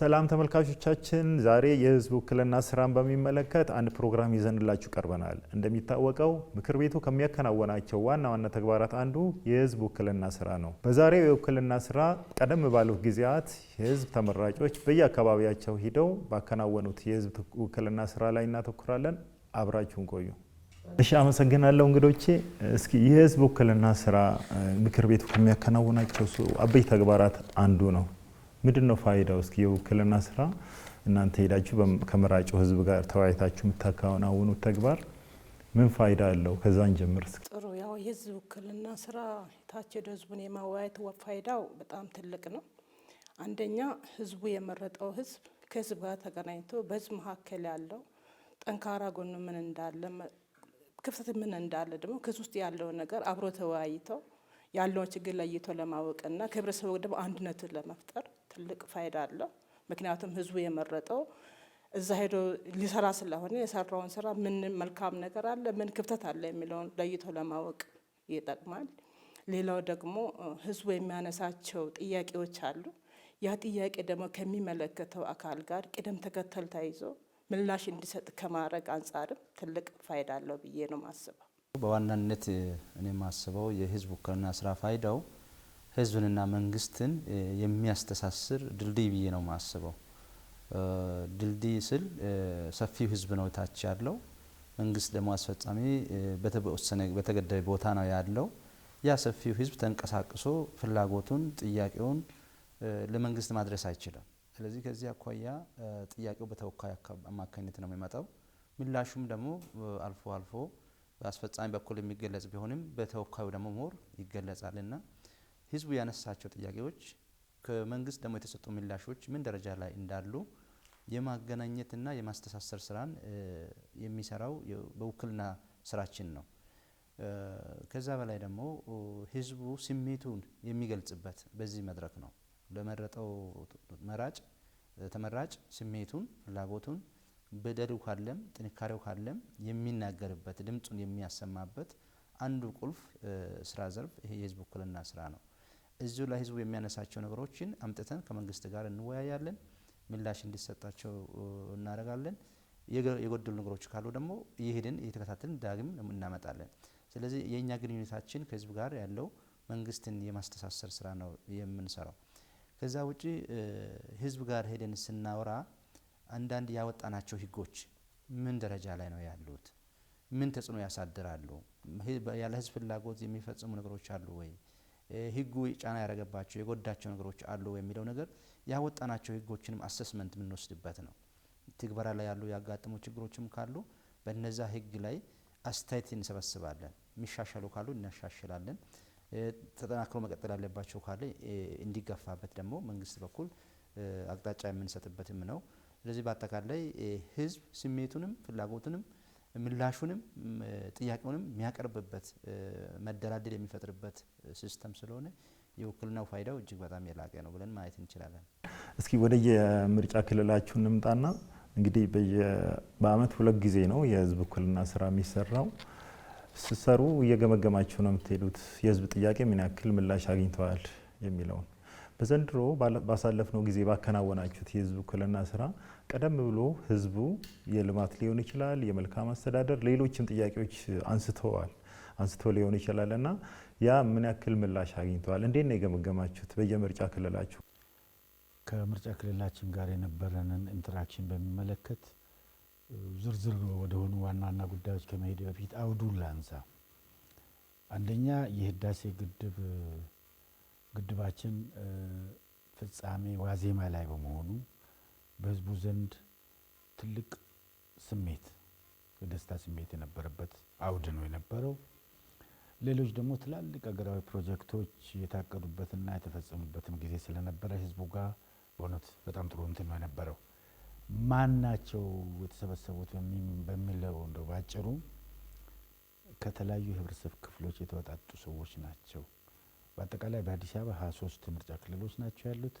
ሰላም ተመልካቾቻችን፣ ዛሬ የህዝብ ውክልና ስራን በሚመለከት አንድ ፕሮግራም ይዘንላችሁ ቀርበናል። እንደሚታወቀው ምክር ቤቱ ከሚያከናወናቸው ዋና ዋና ተግባራት አንዱ የህዝብ ውክልና ስራ ነው። በዛሬው የውክልና ስራ ቀደም ባሉት ጊዜያት የህዝብ ተመራጮች በየአካባቢያቸው ሂደው ባከናወኑት የህዝብ ውክልና ስራ ላይ እናተኩራለን። አብራችሁን ቆዩ። እሺ፣ አመሰግናለሁ እንግዶቼ። እስኪ የህዝብ ውክልና ስራ ምክር ቤቱ ከሚያከናውናቸው አበይ ተግባራት አንዱ ነው። ምንድን ነው ፋይዳው? እስኪ የውክልና ስራ እናንተ ሄዳችሁ ከመራጩ ህዝብ ጋር ተወያይታችሁ የምታከናውኑት ተግባር ምን ፋይዳ አለው? ከዛን ጀምር እስኪ። ጥሩ ያው የህዝብ ውክልና ስራ የታች ሄዶ ህዝቡን የማወያየት ፋይዳው በጣም ትልቅ ነው። አንደኛ ህዝቡ የመረጠው ህዝብ ከህዝብ ጋር ተገናኝቶ በህዝብ መካከል ያለው ጠንካራ ጎኑ ምን እንዳለ፣ ክፍተት ምን እንዳለ ደግሞ ከዚህ ውስጥ ያለው ነገር አብሮ ተወያይተው ያለውን ችግር ለይቶ ለማወቅና ከህብረተሰቡ ደግሞ አንድነትን ለመፍጠር ትልቅ ፋይዳ አለው። ምክንያቱም ህዝቡ የመረጠው እዛ ሄዶ ሊሰራ ስለሆነ የሰራውን ስራ ምን መልካም ነገር አለ፣ ምን ክፍተት አለ የሚለውን ለይቶ ለማወቅ ይጠቅማል። ሌላው ደግሞ ህዝቡ የሚያነሳቸው ጥያቄዎች አሉ። ያ ጥያቄ ደግሞ ከሚመለከተው አካል ጋር ቅደም ተከተል ተይዞ ምላሽ እንዲሰጥ ከማድረግ አንጻርም ትልቅ ፋይዳ አለው ብዬ ነው ማስበው። በዋናነት እኔ የማስበው የህዝብ ውክልና ስራ ፋይዳው ህዝብንና መንግስትን የሚያስተሳስር ድልድይ ብዬ ነው የማስበው። ድልድይ ስል ሰፊው ህዝብ ነው ታች ያለው፣ መንግስት ደግሞ አስፈጻሚ በተወሰነ በተገደበ ቦታ ነው ያለው። ያ ሰፊው ህዝብ ተንቀሳቅሶ ፍላጎቱን፣ ጥያቄውን ለመንግስት ማድረስ አይችልም። ስለዚህ ከዚህ አኳያ ጥያቄው በተወካይ አማካኝነት ነው የሚመጣው። ምላሹም ደግሞ አልፎ አልፎ በአስፈጻሚ በኩል የሚገለጽ ቢሆንም በተወካዩ ደግሞ ሞር ይገለጻል ህዝቡ ያነሳቸው ጥያቄዎች ከመንግስት ደግሞ የተሰጡ ምላሾች ምን ደረጃ ላይ እንዳሉ የማገናኘትና የማስተሳሰር ስራን የሚሰራው በውክልና ስራችን ነው። ከዛ በላይ ደግሞ ህዝቡ ስሜቱን የሚገልጽበት በዚህ መድረክ ነው። ለመረጠው መራጭ ተመራጭ ስሜቱን ፍላጎቱን በደሉ ካለም ጥንካሬው ካለም የሚናገርበት ድምፁን የሚያሰማበት አንዱ ቁልፍ ስራ ዘርፍ ይሄ የህዝብ ውክልና ስራ ነው። እዚሁ ላይ ህዝቡ የሚያነሳቸው ነገሮችን አምጥተን ከመንግስት ጋር እንወያያለን፣ ምላሽ እንዲሰጣቸው እናደርጋለን። የጎደሉ ነገሮች ካሉ ደግሞ ይህንን እየተከታተልን ዳግም እናመጣለን። ስለዚህ የእኛ ግንኙነታችን ከህዝብ ጋር ያለው መንግስትን የማስተሳሰር ስራ ነው የምንሰራው። ከዛ ውጪ ህዝብ ጋር ሄደን ስናወራ አንዳንድ ያወጣናቸው ህጎች ምን ደረጃ ላይ ነው ያሉት? ምን ተጽዕኖ ያሳድራሉ? ያለ ህዝብ ፍላጎት የሚፈጽሙ ነገሮች አሉ ወይ? ህጉ ጫና ያደረገባቸው የጎዳቸው ነገሮች አሉ ወይ የሚለው ነገር ያወጣናቸው ህጎችንም አሰስመንት የምንወስድበት ነው። ትግበራ ላይ ያሉ ያጋጠሙ ችግሮችም ካሉ በነዛ ህግ ላይ አስተያየት እንሰበስባለን። የሚሻሻሉ ካሉ እናሻሽላለን። ተጠናክሮ መቀጠል ያለባቸው ካለ እንዲገፋበት ደግሞ መንግስት በኩል አቅጣጫ የምንሰጥበትም ነው። ስለዚህ በአጠቃላይ ህዝብ ስሜቱንም ፍላጎቱንም ምላሹንም ጥያቄውንም የሚያቀርብበት መደላደል የሚፈጥርበት ሲስተም ስለሆነ የውክልናው ፋይዳው እጅግ በጣም የላቀ ነው ብለን ማየት እንችላለን። እስኪ ወደ የምርጫ ክልላችሁ እንምጣና እንግዲህ በአመት ሁለት ጊዜ ነው የህዝብ ውክልና ስራ የሚሰራው። ስትሰሩ እየገመገማችሁ ነው የምትሄዱት፣ የህዝብ ጥያቄ ምን ያክል ምላሽ አግኝተዋል የሚለውን በዘንድሮ ባሳለፍነው ጊዜ ባከናወናችሁት የህዝብ ውክልና ስራ ቀደም ብሎ ህዝቡ የልማት ሊሆን ይችላል፣ የመልካም አስተዳደር፣ ሌሎችም ጥያቄዎች አንስተዋል አንስቶ ሊሆን ይችላል እና ያ ምን ያክል ምላሽ አግኝተዋል? እንዴት ነው የገመገማችሁት? በየምርጫ ክልላችሁ ከምርጫ ክልላችን ጋር የነበረንን ኢንተራክሽን በሚመለከት ዝርዝር ወደሆኑ ዋና ዋና ጉዳዮች ከመሄድ በፊት አውዱን ላንሳ። አንደኛ የህዳሴ ግድብ ግድባችን ፍጻሜ ዋዜማ ላይ በመሆኑ በህዝቡ ዘንድ ትልቅ ስሜት የደስታ ስሜት የነበረበት አውድ ነው የነበረው። ሌሎች ደግሞ ትላልቅ ሀገራዊ ፕሮጀክቶች የታቀዱበትና የተፈጸሙበትም ጊዜ ስለነበረ ህዝቡ ጋር በእውነት በጣም ጥሩ እንትን ነው የነበረው። ማን ናቸው የተሰበሰቡት በሚለው እንደው ባጭሩ ከተለያዩ የህብረተሰብ ክፍሎች የተወጣጡ ሰዎች ናቸው። በአጠቃላይ በአዲስ አበባ ሶስት ምርጫ ክልሎች ናቸው ያሉት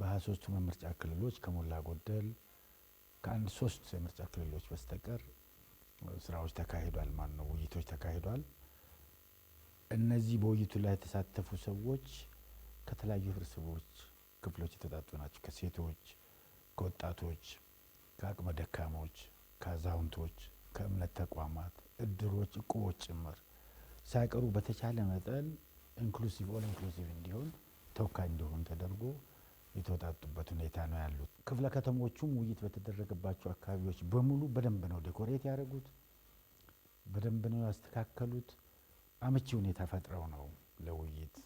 በሀያ ሶስቱ ምርጫ ክልሎች ከሞላ ጎደል ከአንድ ሶስት የምርጫ ክልሎች በስተቀር ስራዎች ተካሂዷል ማን ነው፣ ውይይቶች ተካሂዷል። እነዚህ በውይይቱ ላይ የተሳተፉ ሰዎች ከተለያዩ ህብረተሰቦች ክፍሎች የተጣጡ ናቸው። ከሴቶች፣ ከወጣቶች፣ ከአቅመ ደካሞች፣ ከአዛውንቶች፣ ከእምነት ተቋማት፣ እድሮች፣ እቁቦች ጭምር ሳይቀሩ በተቻለ መጠን ኢንክሉሲቭ ኦል ኢንክሉሲቭ እንዲሆን ተወካይ እንዲሆን ተደርጎ የተወጣጡበት ሁኔታ ነው ያሉት። ክፍለ ከተሞቹም ውይይት በተደረገባቸው አካባቢዎች በሙሉ በደንብ ነው ዴኮሬት ያደረጉት፣ በደንብ ነው ያስተካከሉት። አመቺ ሁኔታ ፈጥረው ነው ለውይይት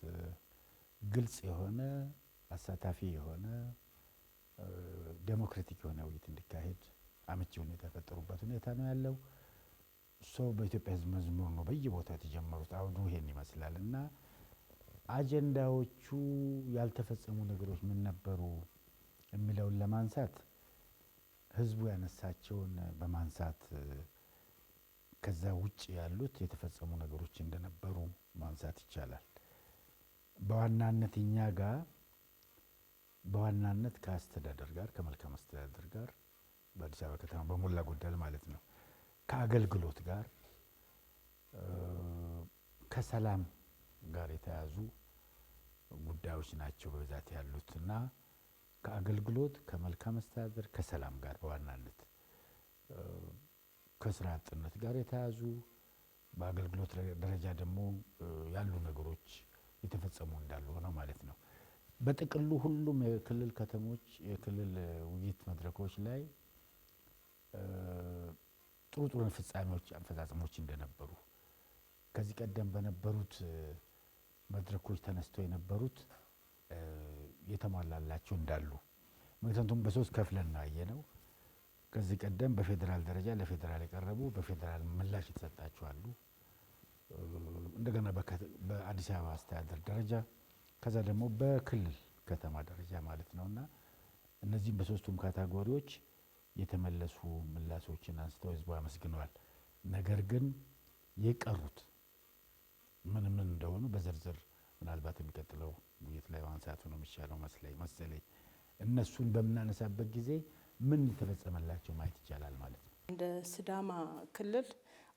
ግልጽ የሆነ አሳታፊ የሆነ ዴሞክራቲክ የሆነ ውይይት እንዲካሄድ አመቺ ሁኔታ የፈጠሩበት ሁኔታ ነው ያለው። ሰው በኢትዮጵያ ሕዝብ መዝሙር ነው በየቦታው የተጀመሩት። አውዱ ይሄን ይመስላል እና አጀንዳዎቹ ያልተፈጸሙ ነገሮች ምን ነበሩ የሚለውን ለማንሳት ህዝቡ ያነሳቸውን በማንሳት ከዛ ውጭ ያሉት የተፈጸሙ ነገሮች እንደነበሩ ማንሳት ይቻላል። በዋናነት እኛ ጋር በዋናነት ከአስተዳደር ጋር ከመልካም አስተዳደር ጋር በአዲስ አበባ ከተማ በሞላ ጎደል ማለት ነው ከአገልግሎት ጋር ከሰላም ጋር የተያዙ ጉዳዮች ናቸው በብዛት ያሉት እና ከአገልግሎት ከመልካም አስተዳደር ከሰላም ጋር በዋናነት ከስራ አጥነት ጋር የተያዙ በአገልግሎት ደረጃ ደግሞ ያሉ ነገሮች የተፈጸሙ እንዳሉ ሆነው ማለት ነው። በጥቅሉ ሁሉም የክልል ከተሞች የክልል ውይይት መድረኮች ላይ ጥሩ ጥሩ ፍጻሜዎች፣ አፈጻጸሞች እንደነበሩ ከዚህ ቀደም በነበሩት መድረኮች ተነስተው የነበሩት የተሟላላቸው እንዳሉ ምክንያቱም በሶስት ከፍለን ያየ ነው። ከዚህ ቀደም በፌዴራል ደረጃ ለፌዴራል የቀረቡ በፌዴራል ምላሽ የተሰጣቸው አሉ። እንደገና በአዲስ አበባ አስተዳደር ደረጃ ከዛ ደግሞ በክልል ከተማ ደረጃ ማለት ነው እና እነዚህም በሶስቱም ካታጎሪዎች የተመለሱ ምላሾችን አንስተው ህዝቡ አመስግነዋል። ነገር ግን የቀሩት ምን ምን እንደሆኑ በዝርዝር ምናልባት የሚቀጥለው ውይይት ላይ ማንሳቱ ነው የሚሻለው መስለኝ መሰለኝ። እነሱን በምናነሳበት ጊዜ ምን ተፈጸመላቸው ማየት ይቻላል ማለት ነው። እንደ ስዳማ ክልል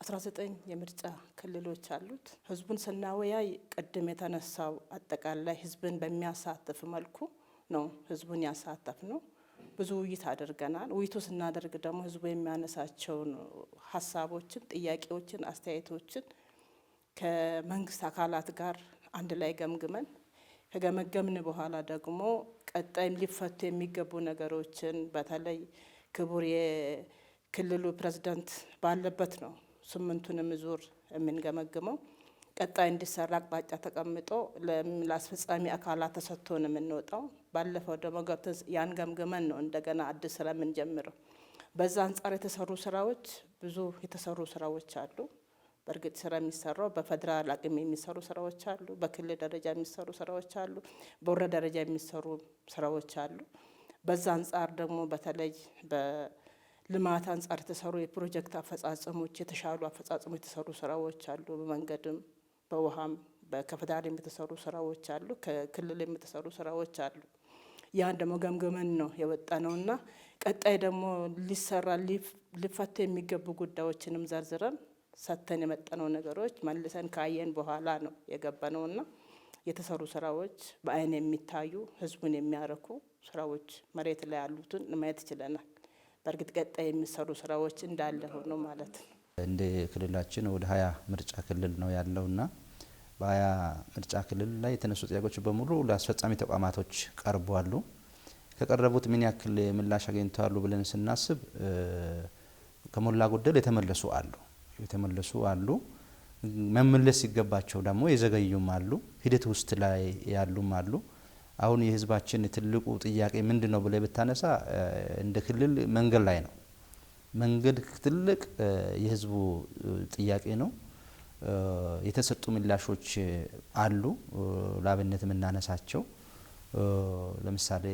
19 የምርጫ ክልሎች አሉት። ህዝቡን ስናወያይ ቅድም የተነሳው አጠቃላይ ህዝብን በሚያሳትፍ መልኩ ነው ህዝቡን ያሳተፍ ነው። ብዙ ውይይት አድርገናል። ውይይቱ ስናደርግ ደግሞ ህዝቡ የሚያነሳቸውን ሀሳቦችን፣ ጥያቄዎችን፣ አስተያየቶችን ከመንግስት አካላት ጋር አንድ ላይ ገምግመን ከገመገምን በኋላ ደግሞ ቀጣይም ሊፈቱ የሚገቡ ነገሮችን በተለይ ክቡር የክልሉ ፕሬዚዳንት ባለበት ነው ስምንቱንም ዙር የምንገመግመው። ቀጣይ እንዲሰራ አቅጣጫ ተቀምጦ ለአስፈጻሚ አካላት ተሰጥቶ ነው የምንወጣው። ባለፈው ደግሞ ገብተን ያን ገምግመን ነው እንደገና አዲስ ስራ የምንጀምረው። በዛ አንጻር የተሰሩ ስራዎች ብዙ የተሰሩ ስራዎች አሉ። በእርግጥ ስራ የሚሰራው በፌደራል አቅም የሚሰሩ ስራዎች አሉ፣ በክልል ደረጃ የሚሰሩ ስራዎች አሉ፣ በወረዳ ደረጃ የሚሰሩ ስራዎች አሉ። በዛ አንጻር ደግሞ በተለይ በልማት አንጻር የተሰሩ የፕሮጀክት አፈጻጸሞች የተሻሉ አፈጻጸሞች የተሰሩ ስራዎች አሉ። በመንገድም በውሃም ከፌደራል የተሰሩ ስራዎች አሉ፣ ከክልል የተሰሩ ስራዎች አሉ። ያን ደግሞ ገምገመን ነው የወጣ እና ቀጣይ ደግሞ ሊሰራ ሊፈቱ የሚገቡ ጉዳዮችንም ዘርዝረን ሰተን የመጠነው ነገሮች መልሰን ካየን በኋላ ነው የገባነውና የተሰሩ ስራዎች በአይን የሚታዩ ህዝቡን የሚያረኩ ስራዎች መሬት ላይ ያሉትን ማየት ችለናል። በእርግጥ ቀጣይ የሚሰሩ ስራዎች እንዳለ ሆኖ ማለት ነው። እንደ ክልላችን ወደ ሀያ ምርጫ ክልል ነው ያለውና በሀያ ምርጫ ክልል ላይ የተነሱ ጥያቄዎች በሙሉ ለአስፈጻሚ ተቋማቶች ቀርቧሉ። ከቀረቡት ምን ያክል ምላሽ አግኝተዋሉ ብለን ስናስብ ከሞላ ጎደል የተመለሱ አሉ። የተመለሱ አሉ። መመለስ ሲገባቸው ደግሞ የዘገዩም አሉ። ሂደት ውስጥ ላይ ያሉም አሉ። አሁን የህዝባችን ትልቁ ጥያቄ ምንድን ነው ብለ ብታነሳ እንደ ክልል መንገድ ላይ ነው። መንገድ ትልቅ የህዝቡ ጥያቄ ነው። የተሰጡ ምላሾች አሉ። ላብነት የምናነሳቸው ለምሳሌ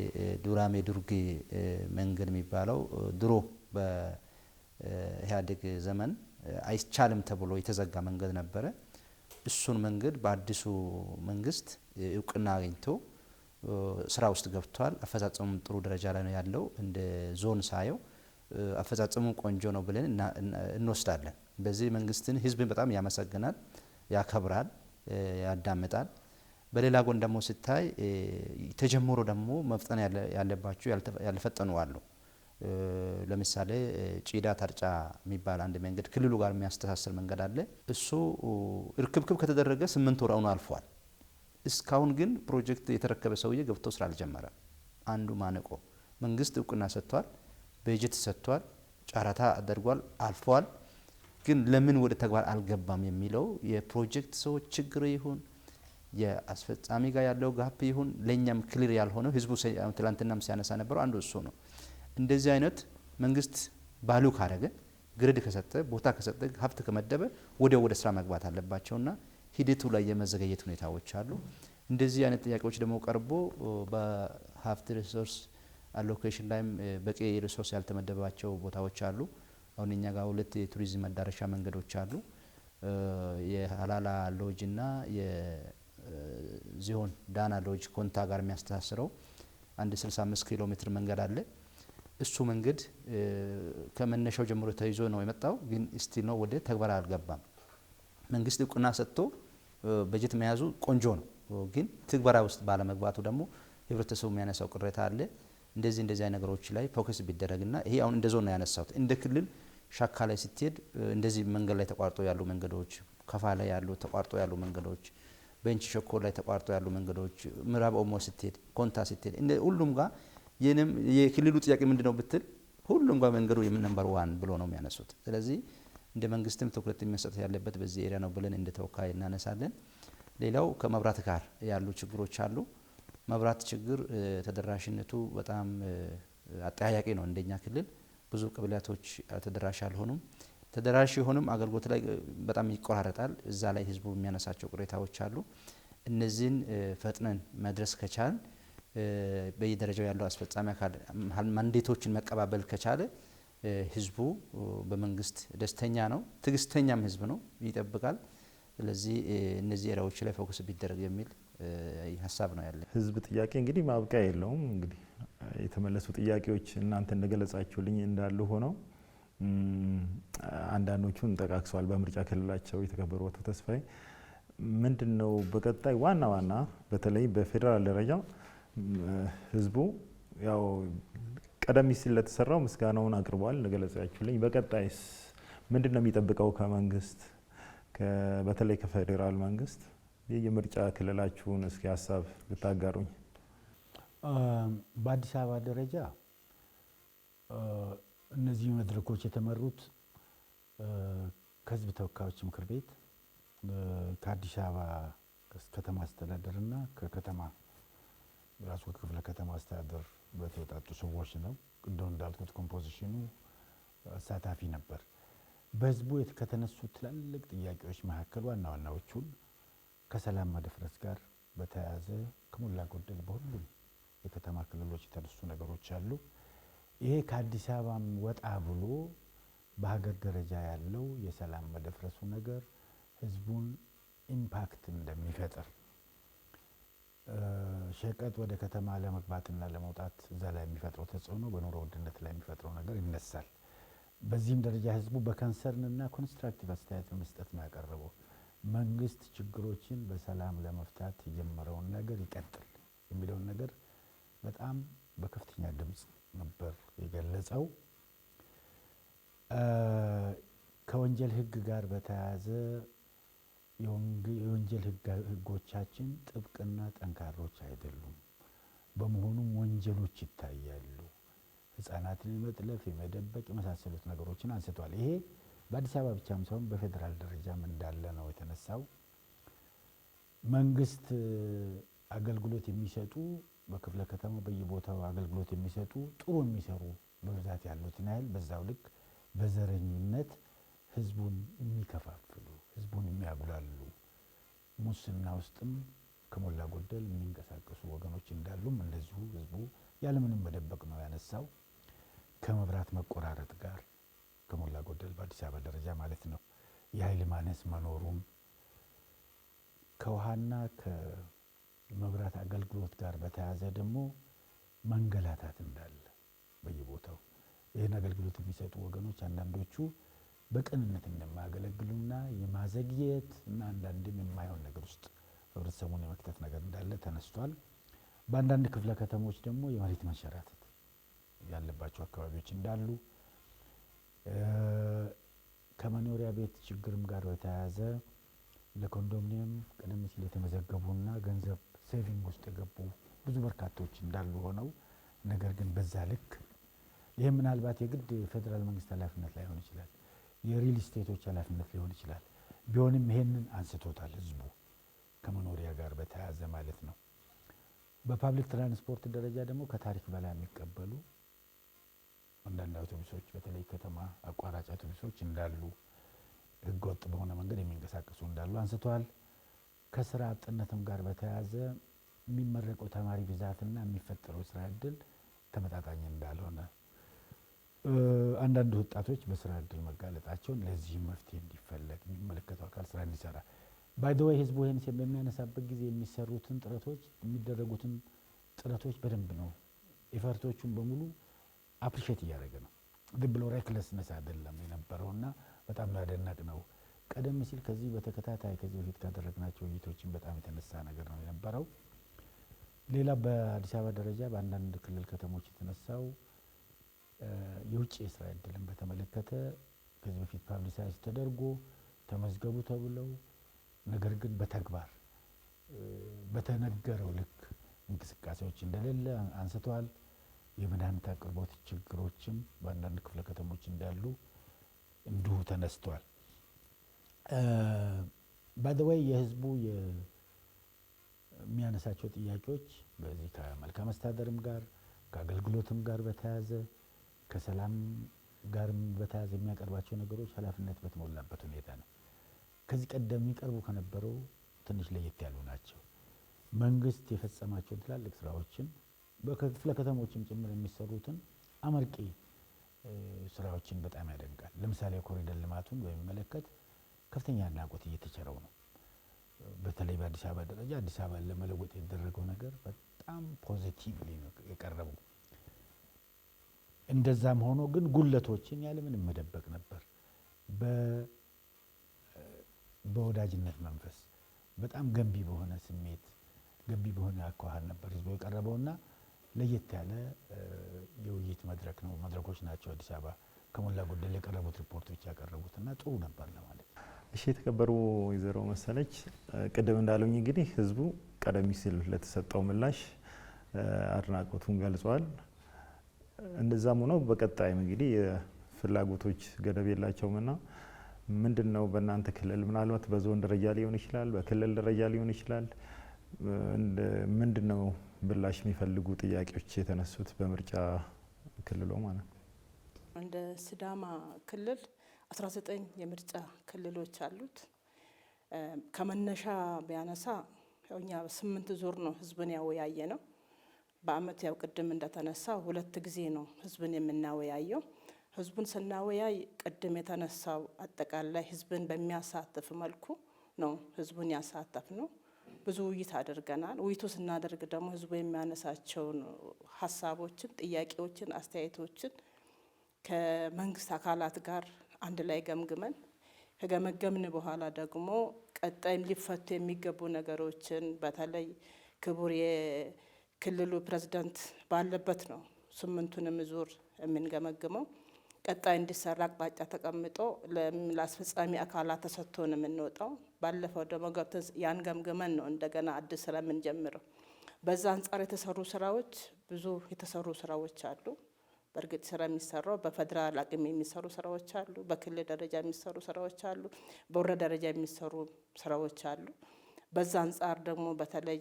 ዱራሜ ዱርጌ መንገድ የሚባለው ድሮ በኢህአዴግ ዘመን አይቻልም ተብሎ የተዘጋ መንገድ ነበረ። እሱን መንገድ በአዲሱ መንግስት እውቅና አግኝቶ ስራ ውስጥ ገብቷል። አፈጻጸሙ ጥሩ ደረጃ ላይ ነው ያለው። እንደ ዞን ሳየው አፈጻጸሙ ቆንጆ ነው ብለን እንወስዳለን። በዚህ መንግስትን ህዝብን በጣም ያመሰግናል፣ ያከብራል፣ ያዳምጣል። በሌላ ጎን ደግሞ ስታይ ተጀምሮ ደግሞ መፍጠን ያለባቸው ያልፈጠኑ አሉ። ለምሳሌ ጪዳ ታርጫ የሚባል አንድ መንገድ ክልሉ ጋር የሚያስተሳስር መንገድ አለ። እሱ እርክብክብ ከተደረገ ስምንት ወር አሁኑ አልፏል። እስካሁን ግን ፕሮጀክት የተረከበ ሰውዬ ገብቶ ስራ አልጀመረም። አንዱ ማነቆ መንግስት እውቅና ሰጥቷል፣ በጀት ሰጥቷል፣ ጨረታ አድርጓል፣ አልፏል። ግን ለምን ወደ ተግባር አልገባም የሚለው የፕሮጀክት ሰዎች ችግር ይሁን የአስፈጻሚ ጋር ያለው ጋፕ ይሁን ለእኛም ክሊር ያልሆነው ህዝቡ ትላንትናም ሲያነሳ ነበረው አንዱ እሱ ነው። እንደዚህ አይነት መንግስት ባሉ ካረገ ግርድ ከሰጠ ቦታ ከሰጠ ሀብት ከመደበ ወዲያው ወደ ስራ መግባት አለባቸውና ሂደቱ ላይ የመዘገየት ሁኔታዎች አሉ። እንደዚህ አይነት ጥያቄዎች ደግሞ ቀርቦ በሀብት ሪሶርስ አሎኬሽን ላይም በቂ ሪሶርስ ያልተመደባቸው ቦታዎች አሉ። አሁን እኛ ጋር ሁለት የቱሪዝም መዳረሻ መንገዶች አሉ። የሀላላ ሎጅ እና የዚሆን ዳና ሎጅ ኮንታ ጋር የሚያስተሳስረው አንድ 65 ኪሎ ሜትር መንገድ አለ። እሱ መንገድ ከመነሻው ጀምሮ ተይዞ ነው የመጣው፣ ግን እስቲ ነው ወደ ተግባር አልገባም። መንግስት እውቅና ሰጥቶ በጀት መያዙ ቆንጆ ነው፣ ግን ትግበራ ውስጥ ባለመግባቱ ደግሞ ህብረተሰቡ የሚያነሳው ቅሬታ አለ። እንደዚህ እንደዚህ አይነት ነገሮች ላይ ፎከስ ቢደረግና ይሄ አሁን እንደ ዞን ነው ያነሳሁት። እንደ ክልል ሻካ ላይ ስትሄድ እንደዚህ መንገድ ላይ ተቋርጦ ያሉ መንገዶች፣ ከፋ ላይ ያሉ ተቋርጦ ያሉ መንገዶች፣ በንቺ ሸኮ ላይ ተቋርጦ ያሉ መንገዶች፣ ምዕራብ ኦሞ ስትሄድ፣ ኮንታ ስትሄድ ሁሉም ጋር ይህንም የክልሉ ጥያቄ ምንድነው ብትል ሁሉም ጋር መንገዱ የምንነምበር ዋን ብሎ ነው የሚያነሱት። ስለዚህ እንደ መንግስትም ትኩረት የሚሰጥ ያለበት በዚህ ኤሪያ ነው ብለን እንደ ተወካይ እናነሳለን። ሌላው ከመብራት ጋር ያሉ ችግሮች አሉ። መብራት ችግር ተደራሽነቱ በጣም አጠያያቂ ነው። እንደኛ ክልል ብዙ ቅብላቶች ተደራሽ አልሆኑም። ተደራሽ የሆኑም አገልግሎት ላይ በጣም ይቆራረጣል። እዛ ላይ ህዝቡ የሚያነሳቸው ቅሬታዎች አሉ። እነዚህን ፈጥነን መድረስ ከቻልን በየደረጃው ያለው አስፈጻሚ አካል ማንዴቶችን መቀባበል ከቻለ ህዝቡ በመንግስት ደስተኛ ነው፣ ትግስተኛም ህዝብ ነው፣ ይጠብቃል። ስለዚህ እነዚህ ራዎች ላይ ፎከስ ቢደረግ የሚል ሀሳብ ነው ያለ። ህዝብ ጥያቄ እንግዲህ ማብቂያ የለውም። እንግዲህ የተመለሱ ጥያቄዎች እናንተ እንደገለጻችሁልኝ እንዳሉ ሆነው አንዳንዶቹን ጠቃቅሰዋል። በምርጫ ክልላቸው የተከበሩ አቶ ተስፋዬ ምንድን ነው በቀጣይ ዋና ዋና በተለይ በፌዴራል ደረጃ ህዝቡ ያው ቀደም ሲል ለተሰራው ምስጋናውን አቅርቧል ለገለጻችሁልኝ። በቀጣይስ ምንድን ነው የሚጠብቀው ከመንግስት በተለይ ከፌዴራል መንግስት? የምርጫ ክልላችሁን እስኪ ሀሳብ ልታጋሩኝ። በአዲስ አበባ ደረጃ እነዚህ መድረኮች የተመሩት ከህዝብ ተወካዮች ምክር ቤት ከአዲስ አበባ ከተማ አስተዳደር ከከተማ ራሱ ክፍለ ከተማ አስተዳደር በተወጣጡ ሰዎች ነው። ቅድም እንዳልኩት ኮምፖዚሽኑ አሳታፊ ነበር። በህዝቡ ከተነሱ ትላልቅ ጥያቄዎች መካከል ዋና ዋናዎቹን ከሰላም መደፍረስ ጋር በተያያዘ ከሞላ ጎደል በሁሉም የከተማ ክልሎች የተነሱ ነገሮች አሉ። ይሄ ከአዲስ አበባም ወጣ ብሎ በሀገር ደረጃ ያለው የሰላም መደፍረሱ ነገር ህዝቡን ኢምፓክት እንደሚፈጥር ሸቀጥ ወደ ከተማ ለመግባትና ለመውጣት እዛ ላይ የሚፈጥረው ተጽዕኖ በኑሮ ውድነት ላይ የሚፈጥረው ነገር ይነሳል። በዚህም ደረጃ ህዝቡ በከንሰርንና ኮንስትራክቲቭ አስተያየት መስጠት ነው ያቀረበው። መንግስት ችግሮችን በሰላም ለመፍታት የጀመረውን ነገር ይቀጥል የሚለውን ነገር በጣም በከፍተኛ ድምፅ ነበር የገለጸው። ከወንጀል ህግ ጋር በተያያዘ የወንጀል ህጎቻችን ጥብቅና ጠንካሮች አይደሉም። በመሆኑም ወንጀሎች ይታያሉ። ህጻናትን የመጥለፍ፣ የመደበቅ የመሳሰሉት ነገሮችን አንስቷል። ይሄ በአዲስ አበባ ብቻም ሳይሆን በፌዴራል ደረጃም እንዳለ ነው የተነሳው። መንግስት አገልግሎት የሚሰጡ በክፍለ ከተማ በየቦታው አገልግሎት የሚሰጡ ጥሩ የሚሰሩ በብዛት ያሉትን ያህል በዛው ልክ በዘረኝነት ህዝቡን የሚከፋፍሉ ህዝቡን የሚያጉላሉ ሙስና ውስጥም ከሞላ ጎደል የሚንቀሳቀሱ ወገኖች እንዳሉም እንደዚሁ ህዝቡ ያለምንም መደበቅ ነው ያነሳው። ከመብራት መቆራረጥ ጋር ከሞላ ጎደል በአዲስ አበባ ደረጃ ማለት ነው የኃይል ማነስ መኖሩም ከውሃና ከመብራት አገልግሎት ጋር በተያያዘ ደግሞ መንገላታት እንዳለ በየቦታው ይህን አገልግሎት የሚሰጡ ወገኖች አንዳንዶቹ በቅንነት እንደማያገለግሉና የማዘግየት እና አንዳንድም የማየውን ነገር ውስጥ ህብረተሰቡን የመክተት ነገር እንዳለ ተነስቷል። በአንዳንድ ክፍለ ከተሞች ደግሞ የመሬት መንሸራተት ያለባቸው አካባቢዎች እንዳሉ ከመኖሪያ ቤት ችግርም ጋር በተያያዘ ለኮንዶሚኒየም ቀደም ሲል የተመዘገቡና ገንዘብ ሴቪንግ ውስጥ የገቡ ብዙ በርካቶች እንዳሉ ሆነው ነገር ግን በዛ ልክ ይህ ምናልባት የግድ የፌዴራል መንግስት ኃላፊነት ላይሆን ይችላል። የሪል ስቴቶች ኃላፊነት ሊሆን ይችላል። ቢሆንም ይሄንን አንስቶታል ህዝቡ ከመኖሪያ ጋር በተያያዘ ማለት ነው። በፓብሊክ ትራንስፖርት ደረጃ ደግሞ ከታሪክ በላይ የሚቀበሉ አንዳንድ አውቶቡሶች በተለይ ከተማ አቋራጭ አውቶቡሶች እንዳሉ ህገወጥ በሆነ መንገድ የሚንቀሳቀሱ እንዳሉ አንስተዋል። ከስራ አጥነትም ጋር በተያያዘ የሚመረቀው ተማሪ ብዛትና የሚፈጠረው ስራ እድል ተመጣጣኝ እንዳልሆነ አንዳንድ ወጣቶች በስራ እድል መጋለጣቸውን ለዚህም መፍትሄ እንዲፈለግ የሚመለከተው አካል ስራ እንዲሰራ ባይደወይ ህዝቡ ይህን በሚያነሳበት ጊዜ የሚሰሩትን ጥረቶች የሚደረጉትን ጥረቶች በደንብ ነው ኤፈርቶቹን በሙሉ አፕሪሼት እያደረገ ነው። ዝም ብሎ ሬክለስነስ አይደለም የነበረውና በጣም ላደነቅ ነው። ቀደም ሲል ከዚህ በተከታታይ ከዚህ በፊት ካደረግናቸው ውይይቶችን በጣም የተነሳ ነገር ነው የነበረው። ሌላ በአዲስ አበባ ደረጃ በአንዳንድ ክልል ከተሞች የተነሳው የውጭ የስራ እድልን በተመለከተ ከዚህ በፊት ፓብሊሳይዝ ተደርጎ ተመዝገቡ ተብለው ነገር ግን በተግባር በተነገረው ልክ እንቅስቃሴዎች እንደሌለ አንስተዋል። የመድኃኒት አቅርቦት ችግሮችም በአንዳንድ ክፍለ ከተሞች እንዳሉ እንዲሁ ተነስተዋል። ባደወይ የህዝቡ የሚያነሳቸው ጥያቄዎች በዚህ ከመልካም አስተዳደርም ጋር ከአገልግሎትም ጋር በተያያዘ ከሰላም ጋርም በተያያዘ የሚያቀርባቸው ነገሮች ኃላፊነት በተሞላበት ሁኔታ ነው። ከዚህ ቀደም የሚቀርቡ ከነበረው ትንሽ ለየት ያሉ ናቸው። መንግስት የፈጸማቸውን ትላልቅ ስራዎችን በክፍለ ከተሞችም ጭምር የሚሰሩትን አመርቂ ስራዎችን በጣም ያደንቃል። ለምሳሌ የኮሪደር ልማቱን በሚመለከት ከፍተኛ አድናቆት እየተቸረው ነው። በተለይ በአዲስ አበባ ደረጃ አዲስ አበባን ለመለወጥ የተደረገው ነገር በጣም ፖዚቲቭ የቀረበው። እንደዛም ሆኖ ግን ጉለቶችን ያለምንም መደበቅ ነበር። በወዳጅነት መንፈስ በጣም ገንቢ በሆነ ስሜት ገንቢ በሆነ አኳኋን ነበር ህዝቡ የቀረበውና ለየት ያለ የውይይት መድረክ ነው መድረኮች ናቸው አዲስ አበባ ከሞላ ጎደል የቀረቡት ሪፖርቶች ያቀረቡት እና ጥሩ ነበር ለማለት ነው። እሺ የተከበሩ ወይዘሮ መሰለች ቅድም እንዳለኝ እንግዲህ ህዝቡ ቀደም ሲል ለተሰጠው ምላሽ አድናቆቱን ገልጿል። እንደዛም ሆኖ በቀጣይ እንግዲህ የፍላጎቶች ገደብ የላቸውም ና ምንድን ነው በእናንተ ክልል ምናልባት በዞን ደረጃ ሊሆን ይችላል፣ በክልል ደረጃ ሊሆን ይችላል፣ ምንድን ነው ምላሽ የሚፈልጉ ጥያቄዎች የተነሱት በምርጫ ክልሎ ማለት ነው? እንደ ሲዳማ ክልል 19 የምርጫ ክልሎች አሉት። ከመነሻ ቢያነሳ እኛ ስምንት ዙር ነው ህዝብን ያወያየ ነው በአመት ያው ቅድም እንደተነሳ ሁለት ጊዜ ነው ህዝብን የምናወያየው። ህዝቡን ስናወያይ ቅድም የተነሳው አጠቃላይ ህዝብን በሚያሳትፍ መልኩ ነው ህዝቡን ያሳተፍ ነው። ብዙ ውይይት አድርገናል። ውይይቱ ስናደርግ ደግሞ ህዝቡ የሚያነሳቸውን ሀሳቦችን፣ ጥያቄዎችን፣ አስተያየቶችን ከመንግስት አካላት ጋር አንድ ላይ ገምግመን ከገመገምን በኋላ ደግሞ ቀጣይም ሊፈቱ የሚገቡ ነገሮችን በተለይ ክቡር ክልሉ ፕሬዝዳንት ባለበት ነው ስምንቱንም ዙር የምንገመግመው። ቀጣይ እንዲሰራ አቅጣጫ ተቀምጦ ለአስፈጻሚ አካላት ተሰጥቶ ነው የምንወጣው። ባለፈው ደግሞ ገብተን ያን ገምግመን ነው እንደገና አዲስ ስራ የምንጀምረው። በዛ አንጻር የተሰሩ ስራዎች ብዙ የተሰሩ ስራዎች አሉ። በእርግጥ ስራ የሚሰራው በፌዴራል አቅም የሚሰሩ ስራዎች አሉ። በክልል ደረጃ የሚሰሩ ስራዎች አሉ። በወረዳ ደረጃ የሚሰሩ ስራዎች አሉ። በዛ አንጻር ደግሞ በተለይ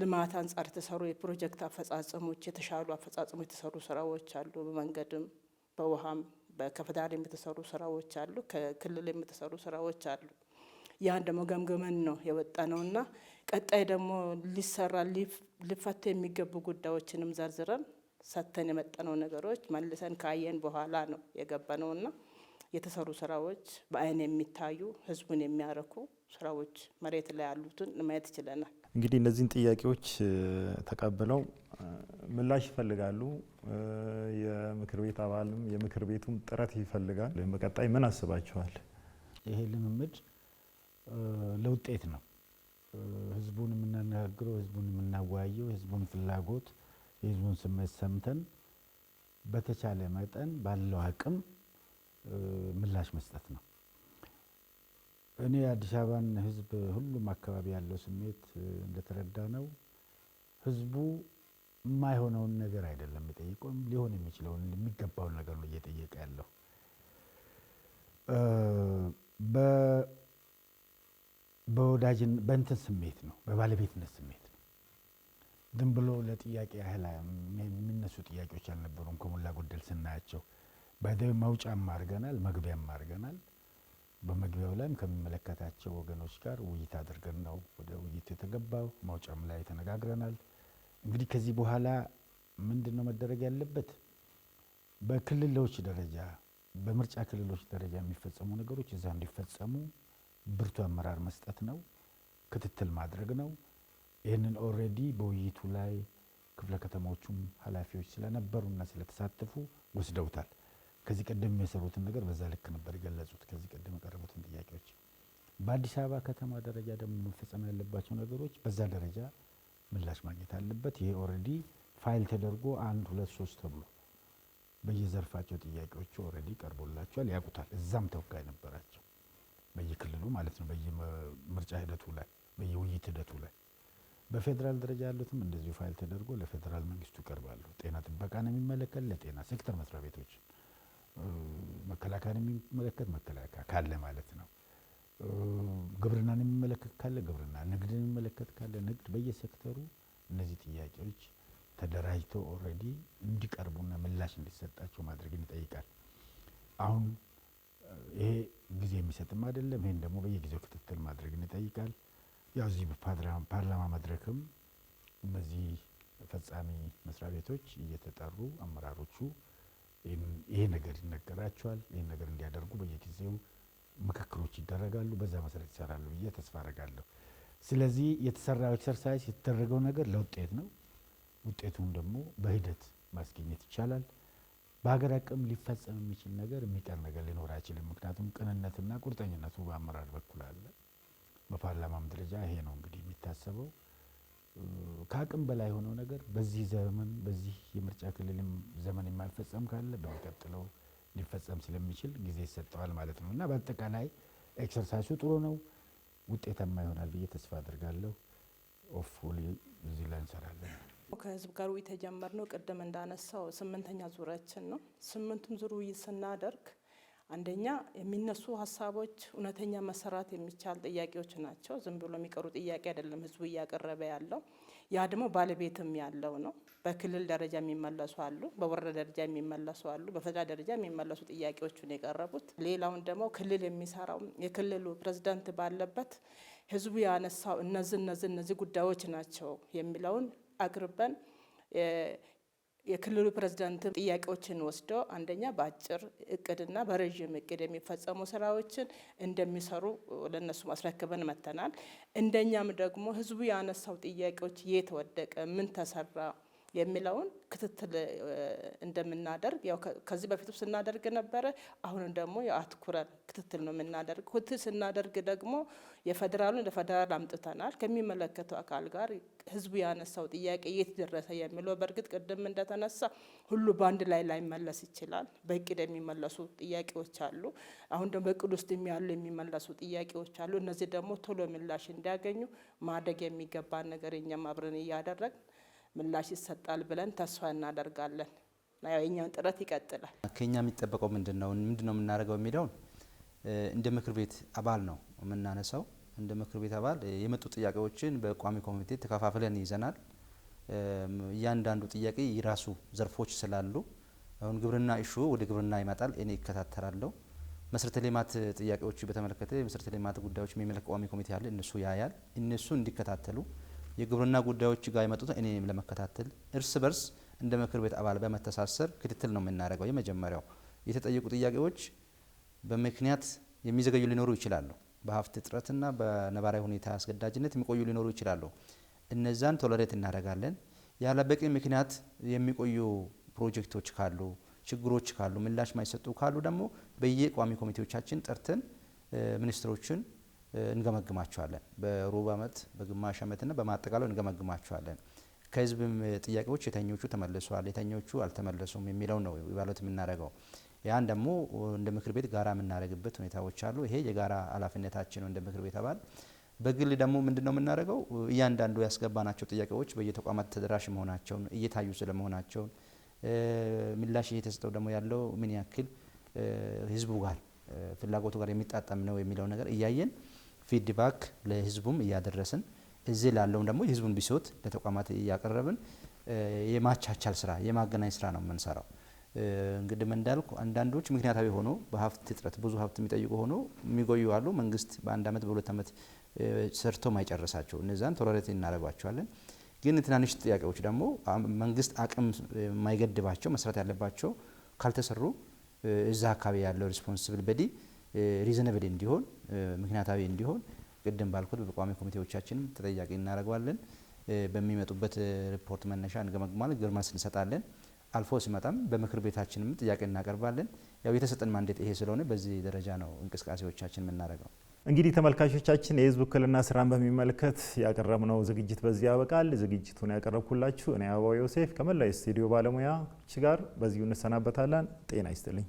ልማት አንጻር የተሰሩ የፕሮጀክት አፈጻጸሞች የተሻሉ አፈጻጸሞች የተሰሩ ስራዎች አሉ። በመንገድም በውሃም በከፌዴራል የተሰሩ ስራዎች አሉ። ከክልል የተሰሩ ስራዎች አሉ። ያን ደግሞ ገምገመን ነው የወጣ እና ቀጣይ ደግሞ ሊሰራ ሊፈቱ የሚገቡ ጉዳዮችንም ዘርዝረን ሰተን የመጠነው ነገሮች መልሰን ካየን በኋላ ነው የገባነውና የተሰሩ ስራዎች በአይን የሚታዩ ህዝቡን የሚያረኩ ስራዎች መሬት ላይ ያሉትን ማየት ችለናል። እንግዲህ እነዚህን ጥያቄዎች ተቀብለው ምላሽ ይፈልጋሉ። የምክር ቤት አባልም የምክር ቤቱም ጥረት ይፈልጋል። በቀጣይ ምን አስባችኋል? ይሄ ልምምድ ለውጤት ነው። ህዝቡን የምናነጋግረው፣ ህዝቡን የምናወያየው፣ ህዝቡን ፍላጎት፣ የህዝቡን ስሜት ሰምተን በተቻለ መጠን ባለው አቅም ምላሽ መስጠት ነው። እኔ አዲስ አበባን ህዝብ ሁሉም አካባቢ ያለው ስሜት እንደተረዳ ነው። ህዝቡ የማይሆነውን ነገር አይደለም የጠየቀውም ሊሆን የሚችለውን የሚገባውን ነገር ነው እየጠየቀ ያለው። በወዳጅን በእንትን ስሜት ነው፣ በባለቤትነት ስሜት ነው። ዝም ብሎ ለጥያቄ ያህል የሚነሱ ጥያቄዎች አልነበሩም። ከሞላ ጎደል ስናያቸው ባይደ መውጫም አድርገናል፣ መግቢያም አድርገናል። በመግቢያው ላይም ከሚመለከታቸው ወገኖች ጋር ውይይት አድርገን ነው ወደ ውይይት የተገባው። ማውጫም ላይ ተነጋግረናል። እንግዲህ ከዚህ በኋላ ምንድን ነው መደረግ ያለበት? በክልሎች ደረጃ በምርጫ ክልሎች ደረጃ የሚፈጸሙ ነገሮች እዛ እንዲፈጸሙ ብርቱ አመራር መስጠት ነው፣ ክትትል ማድረግ ነው። ይህንን ኦልሬዲ በውይይቱ ላይ ክፍለ ከተሞቹም ኃላፊዎች ስለነበሩና ስለተሳተፉ ወስደውታል። ከዚህ ቀደም የሰሩትን ነገር በዛ ልክ ነበር የገለጹት። ከዚህ ቀደም የቀረቡትን ጥያቄዎች በአዲስ አበባ ከተማ ደረጃ ደግሞ መፈጸም ያለባቸው ነገሮች በዛ ደረጃ ምላሽ ማግኘት አለበት። ይሄ ኦልሬዲ ፋይል ተደርጎ አንድ ሁለት ሶስት ተብሎ በየዘርፋቸው ጥያቄዎቹ ኦልሬዲ ቀርቦላቸዋል፣ ያውቁታል። እዛም ተወካይ ነበራቸው በየክልሉ ማለት ነው፣ በየምርጫ ሂደቱ ላይ በየውይይት ሂደቱ ላይ በፌዴራል ደረጃ ያሉትም እንደዚሁ ፋይል ተደርጎ ለፌዴራል መንግስቱ ይቀርባሉ። ጤና ነው የሚመለከት ለጤና ሴክተር መስሪያ ቤቶች መከላከያን የሚመለከት መከላከያ ካለ ማለት ነው። ግብርናን የሚመለከት ካለ ግብርና፣ ንግድን የሚመለከት ካለ ንግድ፣ በየሴክተሩ እነዚህ ጥያቄዎች ተደራጅተው ኦልሬዲ እንዲቀርቡና ምላሽ እንዲሰጣቸው ማድረግን ይጠይቃል። አሁን ይሄ ጊዜ የሚሰጥም አይደለም። ይህን ደግሞ በየጊዜው ክትትል ማድረግን ይጠይቃል። ያው እዚህ ፓርላማ መድረክም እነዚህ ፈጻሚ መስሪያ ቤቶች እየተጠሩ አመራሮቹ ይሄ ነገር ይነገራቸዋል፣ ይህን ነገር እንዲያደርጉ በየጊዜው ምክክሮች ይደረጋሉ። በዛ መሰረት ይሰራሉ ብዬ ተስፋ አረጋለሁ። ስለዚህ የተሰራው ኤክሰርሳይዝ የተደረገው ነገር ለውጤት ነው። ውጤቱን ደግሞ በሂደት ማስገኘት ይቻላል። በሀገር አቅም ሊፈጸም የሚችል ነገር የሚቀር ነገር ሊኖር አይችልም። ምክንያቱም ቅንነትና ቁርጠኝነቱ በአመራር በኩል አለ። በፓርላማም ደረጃ ይሄ ነው እንግዲህ የሚታሰበው። ከአቅም በላይ የሆነው ነገር በዚህ ዘመን በዚህ የምርጫ ክልልም ዘመን የማይፈጸም ካለ በሚቀጥለው ሊፈጸም ስለሚችል ጊዜ ይሰጠዋል ማለት ነው እና በአጠቃላይ ኤክሰርሳይሱ ጥሩ ነው፣ ውጤታማ ይሆናል ብዬ ተስፋ አድርጋለሁ። ኦፍሊ እዚህ ላይ እንሰራለን። ከህዝብ ጋር ውይይት የጀመርነው ቅድም እንዳነሳው ስምንተኛ ዙሪያችን ነው። ስምንቱም ዙር ውይይት ስናደርግ አንደኛ የሚነሱ ሀሳቦች እውነተኛ መሰራት የሚቻል ጥያቄዎች ናቸው። ዝም ብሎ የሚቀሩ ጥያቄ አይደለም ህዝቡ እያቀረበ ያለው ያ ደግሞ ባለቤትም ያለው ነው። በክልል ደረጃ የሚመለሱ አሉ፣ በወረዳ ደረጃ የሚመለሱ አሉ፣ በፌደራል ደረጃ የሚመለሱ ጥያቄዎቹን የቀረቡት። ሌላውን ደግሞ ክልል የሚሰራው የክልሉ ፕሬዚዳንት ባለበት ህዝቡ ያነሳው እነዚህ እነዚህ እነዚህ ጉዳዮች ናቸው የሚለውን አቅርበን የክልሉ ፕሬዝዳንት ጥያቄዎችን ወስዶ አንደኛ በአጭር እቅድና በረዥም እቅድ የሚፈጸሙ ስራዎችን እንደሚሰሩ ለነሱ ማስረክበን መተናል። እንደኛም ደግሞ ህዝቡ ያነሳው ጥያቄዎች የት ወደቀ፣ ምን ተሰራ የሚለውን ክትትል እንደምናደርግ ያው ከዚህ በፊቱ ስናደርግ ነበረ። አሁንም ደግሞ የአትኩረን ክትትል ነው የምናደርግ። ክትትል ስናደርግ ደግሞ የፌዴራሉን ለፌዴራል አምጥተናል። ከሚመለከተው አካል ጋር ህዝቡ ያነሳው ጥያቄ የት ደረሰ የሚለው በእርግጥ ቅድም እንደተነሳ ሁሉ በአንድ ላይ ላይመለስ ይችላል። በእቅድ የሚመለሱ ጥያቄዎች አሉ። አሁን ደግሞ በእቅድ ውስጥ የሚያሉ የሚመለሱ ጥያቄዎች አሉ። እነዚህ ደግሞ ቶሎ ምላሽ እንዲያገኙ ማደግ የሚገባን ነገር እኛም አብረን እያደረግ ምላሽ ይሰጣል ብለን ተስፋ እናደርጋለን። የኛውን ጥረት ይቀጥላል። ከኛ የሚጠበቀው ምንድን ነው ምንድን ነው የምናደርገው የሚለውን እንደ ምክር ቤት አባል ነው የምናነሳው። እንደ ምክር ቤት አባል የመጡ ጥያቄዎችን በቋሚ ኮሚቴ ተከፋፍለን ይዘናል። እያንዳንዱ ጥያቄ የራሱ ዘርፎች ስላሉ አሁን ግብርና ኢሹ ወደ ግብርና ይመጣል። እኔ ይከታተላለሁ። መሰረተ ልማት ጥያቄዎች በተመለከተ መሰረተ ልማት ጉዳዮች የሚመለከት ቋሚ ኮሚቴ አለ። እነሱ ያያል። እነሱ እንዲከታተሉ የግብርና ጉዳዮች ጋር የመጡት እኔም ለመከታተል እርስ በርስ እንደ ምክር ቤት አባል በመተሳሰር ክትትል ነው የምናደርገው። የመጀመሪያው የተጠየቁ ጥያቄዎች በምክንያት የሚዘገዩ ሊኖሩ ይችላሉ። በሀብት እጥረትና በነባራዊ ሁኔታ አስገዳጅነት የሚቆዩ ሊኖሩ ይችላሉ። እነዛን ቶለሬት እናደርጋለን። ያለበቂ ምክንያት የሚቆዩ ፕሮጀክቶች ካሉ፣ ችግሮች ካሉ፣ ምላሽ ማይሰጡ ካሉ ደግሞ በየቋሚ ኮሚቴዎቻችን ጠርተን ሚኒስትሮችን እንገመግማቸዋለን። በሩብ ዓመት በግማሽ ዓመትና በማጠቃለው እንገመግማቸዋለን። ከህዝብም ጥያቄዎች የተኞቹ ተመልሷል፣ የተኞቹ አልተመለሱም የሚለው ነው ባለት የምናደርገው። ያን ደግሞ እንደ ምክር ቤት ጋራ የምናደርግበት ሁኔታዎች አሉ። ይሄ የጋራ ኃላፊነታችን ነው እንደ ምክር ቤት አባል። በግል ደግሞ ምንድን ነው የምናደርገው? እያንዳንዱ ያስገባናቸው ጥያቄዎች በየተቋማት ተደራሽ መሆናቸውን እየታዩ ስለመሆናቸውን ምላሽ እየተሰጠው ደግሞ ያለው ምን ያክል ህዝቡ ጋር ፍላጎቱ ጋር የሚጣጠም ነው የሚለው ነገር እያየን ፊድባክ ለህዝቡም እያደረስን እዚህ ላለውም ደግሞ የህዝቡን ብሶት ለተቋማት እያቀረብን የማቻቻል ስራ የማገናኝ ስራ ነው የምንሰራው። እንግዲህ እንዳልኩ አንዳንዶች ምክንያታዊ ሆኖ በሀብት እጥረት ብዙ ሀብት የሚጠይቁ ሆኖ የሚጎዩ አሉ። መንግስት በአንድ አመት በሁለት አመት ሰርቶ ማይጨረሳቸው እነዛን ቶሎሬት እናደርጓቸዋለን። ግን ትናንሽ ጥያቄዎች ደግሞ መንግስት አቅም የማይገድባቸው መስራት ያለባቸው ካልተሰሩ እዛ አካባቢ ያለው ሪስፖንስብል በዲ ሪዝነብል እንዲሆን ምክንያታዊ እንዲሆን ቅድም ባልኩት በቋሚ ኮሚቴዎቻችንም ተጠያቂ እናደርገዋለን። በሚመጡበት ሪፖርት መነሻ እንገመግማለን፣ ግርማስ እንሰጣለን። አልፎ ሲመጣም በምክር ቤታችንም ጥያቄ እናቀርባለን። ያው የተሰጠን ማንዴት ይሄ ስለሆነ በዚህ ደረጃ ነው እንቅስቃሴዎቻችን የምናደርገው። እንግዲህ ተመልካቾቻችን የህዝብ ውክልና ስራን በሚመለከት ያቀረብነው ዝግጅት በዚህ ያበቃል። ዝግጅቱን ያቀረብኩላችሁ እኔ አበባው ዮሴፍ ከመላው ስቱዲዮ ባለሙያዎች ጋር በዚሁ እንሰናበታለን። ጤና ይስጥልኝ።